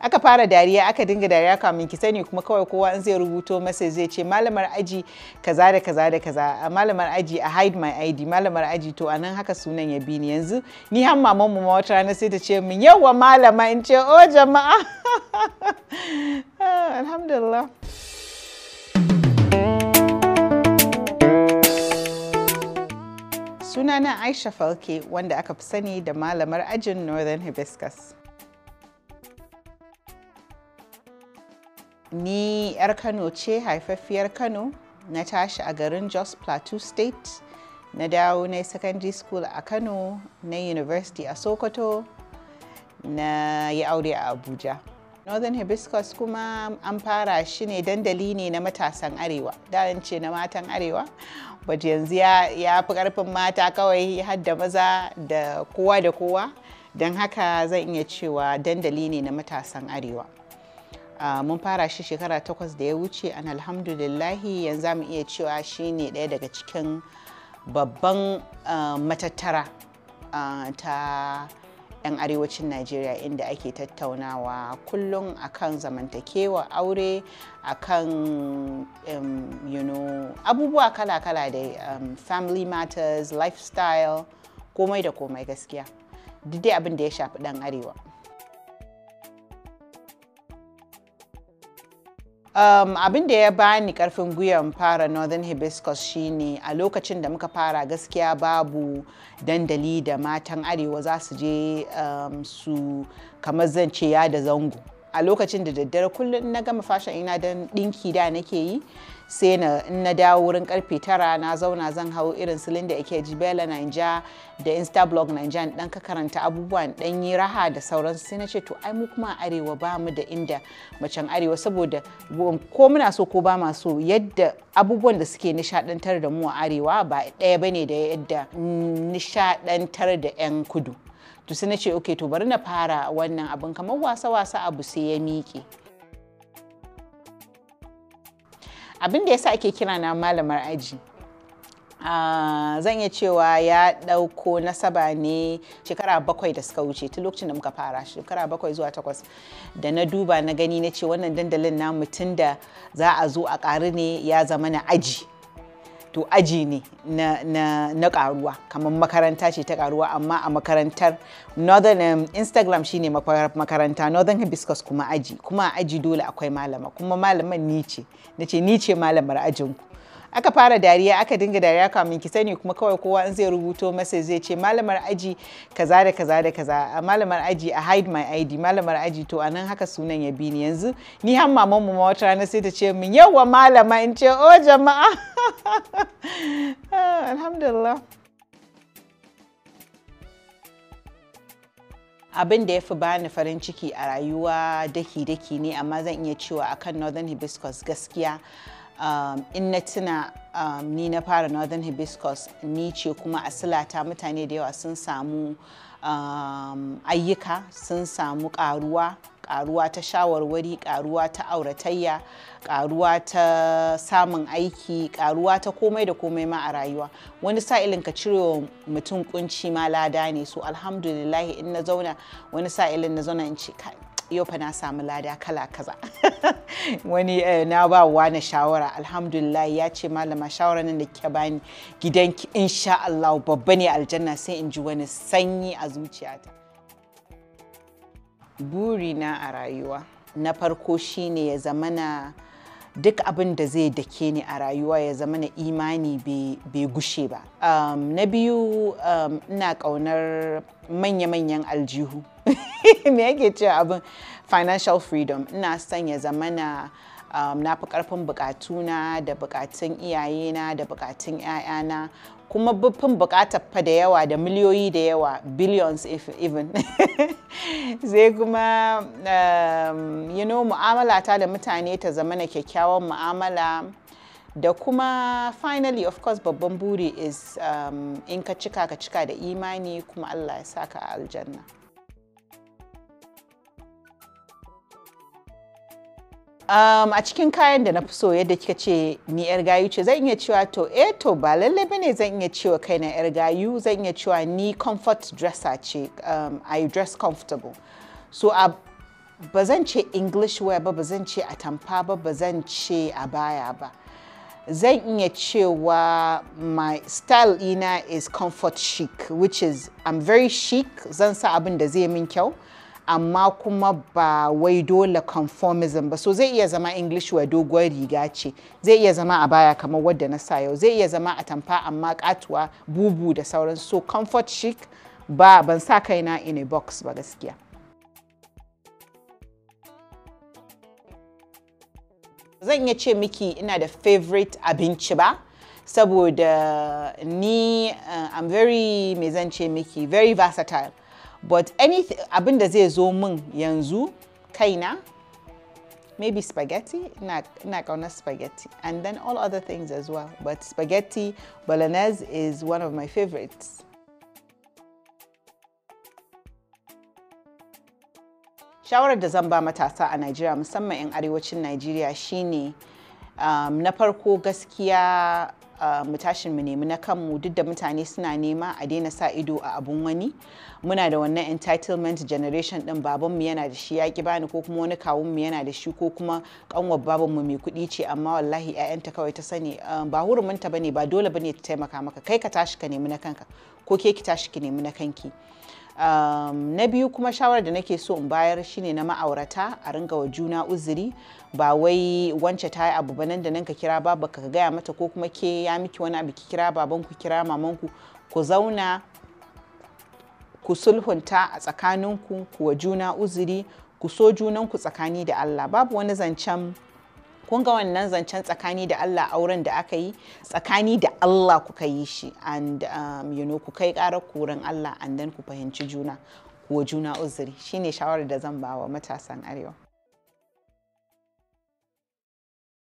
aka fara dariya aka dinga dariya kamin ki sani kuma kawai kowa in zai rubuto masa zai ce malamar aji kaza da kaza da kaza malamar aji a hide my id malamar aji to a nan haka sunan ya bi ni yanzu ni har maman mu ma wata rana sai ta ce min yawa malama in ce o oh, jama'a ah, alhamdulillah sunana Aisha Falke wanda aka fi sani da malamar ajin Northern Hibiscus. ni 'yar kano ce haifaffiyar kano na tashi a garin jos plateau state na dawo na secondary school a kano na university a sokoto na yi aure a abuja northern hibiscus kuma an fara shi ne dandali ne na matasan arewa da ce na matan arewa but yanzu ya fi karfin mata kawai har da maza da kowa da kowa don haka zan iya cewa dandali ne na matasan arewa mun fara shi shekara takwas da ya wuce an alhamdulillahi yanzu za mu iya cewa shi ne ɗaya daga cikin babban matattara ta 'yan arewacin najeriya inda ake tattaunawa kullum akan zamantakewa aure akan kan abubuwa kala-kala da family matters lifestyle komai da komai gaskiya duk dai abin da ya shafi dan arewa Um, abin da ya bani karfin gwiwan fara northern hibiscus shine a lokacin da muka fara gaskiya babu dandali da matan arewa za su je um, su kamar zance ya da zango a lokacin da daddare kullum na gama fashin ina dan ɗinki da nake yi sai na na dawo wurin karfe tara na zauna zan hau irin silinda ake jibela naija da instablog naija dan ka karanta abubuwan dan yi raha da sauran sai na ce to ai mu kuma arewa ba mu da inda macen arewa saboda ko muna so ko ba ma so yadda abubuwan da suke nishadantar da mu a arewa ba ɗaya bane da yadda nishadantar da 'yan kudu to sai na ce okay to bari na fara wannan abin kamar wasa-wasa abu sai ya miƙe abin da ya sa ake kira na malamar aji zan iya cewa ya ɗauko nasaba ne shekara bakwai da suka wuce ta lokacin da muka fara shekara bakwai zuwa takwas da na duba na gani na ce wannan dandalin na mutum da za a zo a ƙari ne ya zama na aji to aji ne na, na, karuwa kamar makaranta ce ta karuwa amma a makarantar northern um, instagram shine makaranta northern hibiscus kuma aji kuma a aji dole akwai malama kuma malaman ni ce na ce ni ce malamar ajinku aka fara dariya aka dinga dariya kamin ki sani kuma kawai kowa in zai rubuto masa zai ce malamar aji kaza da kaza da kaza malamar aji a hide my id malamar aji to anan haka sunan ya bi ni yanzu ni har maman mu ma wata rana sai ta ce min yawa malama in ce o oh, jama'a Ah, alhamdulillah abin da ya fi bani farin ciki a rayuwa daki-daki ne amma zan iya cewa akan northern hibiscus gaskiya um, in na tuna um, ni na fara northern hibiscus ni ce kuma a silata mutane da yawa sun samu um, ayyuka sun samu karuwa karuwa ta shawarwari karuwa ta auratayya karuwa ta samun aiki karuwa ta komai da komai ma a rayuwa wani sa'ilin ka cire wa mutum kunci ma lada ne so alhamdulillah in na zauna wani sa'ilin na zauna in ce yau fa na samu lada kala kaza wani eh, na ba wa na shawara alhamdulillah ya ce malama shawara nan da kika bani gidanki insha Allah babba ne aljanna sai in ji wani sanyi a zuciyata burina a rayuwa na farko shine ya zamana duk abin da zai dake ni a rayuwa ya zama na imani bai gushe ba um, na biyu um, ina kaunar ƙaunar manya-manyan aljihu me yake ce abin financial freedom ina son ya zamana na um, na fi ƙarfin buƙatuna da bukatun iyayena da bukatun 'ya'yana kuma bufin bukatar fa da yawa da miliyoyi da yawa billions if even sai kuma um, you know mu'amala ta da mutane ta zama na kyakkyawan mu'amala da kuma finally of course babban buri is um, in ka cika ka cika da imani kuma allah ya saka aljanna Um, a cikin kayan da na fi so yadda kika ce ni yar gayu ce zan iya cewa to eh to ba lalle bane zan iya cewa kaina yar gayu zan iya cewa ni comfort dresser ce um, I dress comfortable so a ba zan ce English wear ba ba zan ce atamfa ba ba zan ce a baya ba zan iya cewa my style ina is comfort chic which is I'm very chic zan sa abin da zai min kyau amma kuma ba wai dole conformism ba so zai iya zama english wa doguwar riga ce zai iya zama a baya kamar wadda na sa yau zai iya zama a tamfa amma katuwa bubu da sauran so comfort chic ba ban sa kaina in a box ba gaskiya zan iya ce miki ina da favorite abinci ba saboda ni uh, i'm very me zan ce miki very versatile but anything abin da zai zo min yanzu kaina maybe spaghetti na kauna spaghetti and then all other things as well but spaghetti bolognese is one of my favorites shawarar da zan ba matasa a Nigeria. musamman 'yan arewacin Najeriya shine um, na farko gaskiya Eh, mu tashin mu nemi na kanmu duk da mutane suna nema a daina sa ido a abun wani muna da wannan entitlement generation din babanmu yana da shi ya ki bani ko kuma wani kawun mu yana da shi ko kuma kanwar babanmu mai kuɗi ce amma wallahi ƴaƴanta kawai ta sani eh, ba ta bane ba dole bane ta taimaka maka kai ka tashi ka nemi na kanka ko ke ki tashi ki nemi na kanki um, na biyu kuma shawarar da nake so in bayar shine na ma'aurata a ringa wa juna uzuri ba wai wance ta yi abu nan da nan ka kira ba ka gaya mata ko kuma ke ya miki wani abu ki kira baban ku, kira mamanku ku zauna ku sulhunta a tsakaninku ku wa juna uzuri ku so junanku tsakani da Allah babu wani zancen kun ga wannan zancen tsakani da Allah auren da aka yi tsakani da Allah kuka yi shi and um, you know ku kai ƙarar kurin Allah and then ku fahimci juna ko juna uzuri shine shawarar da zan ba wa matasan arewa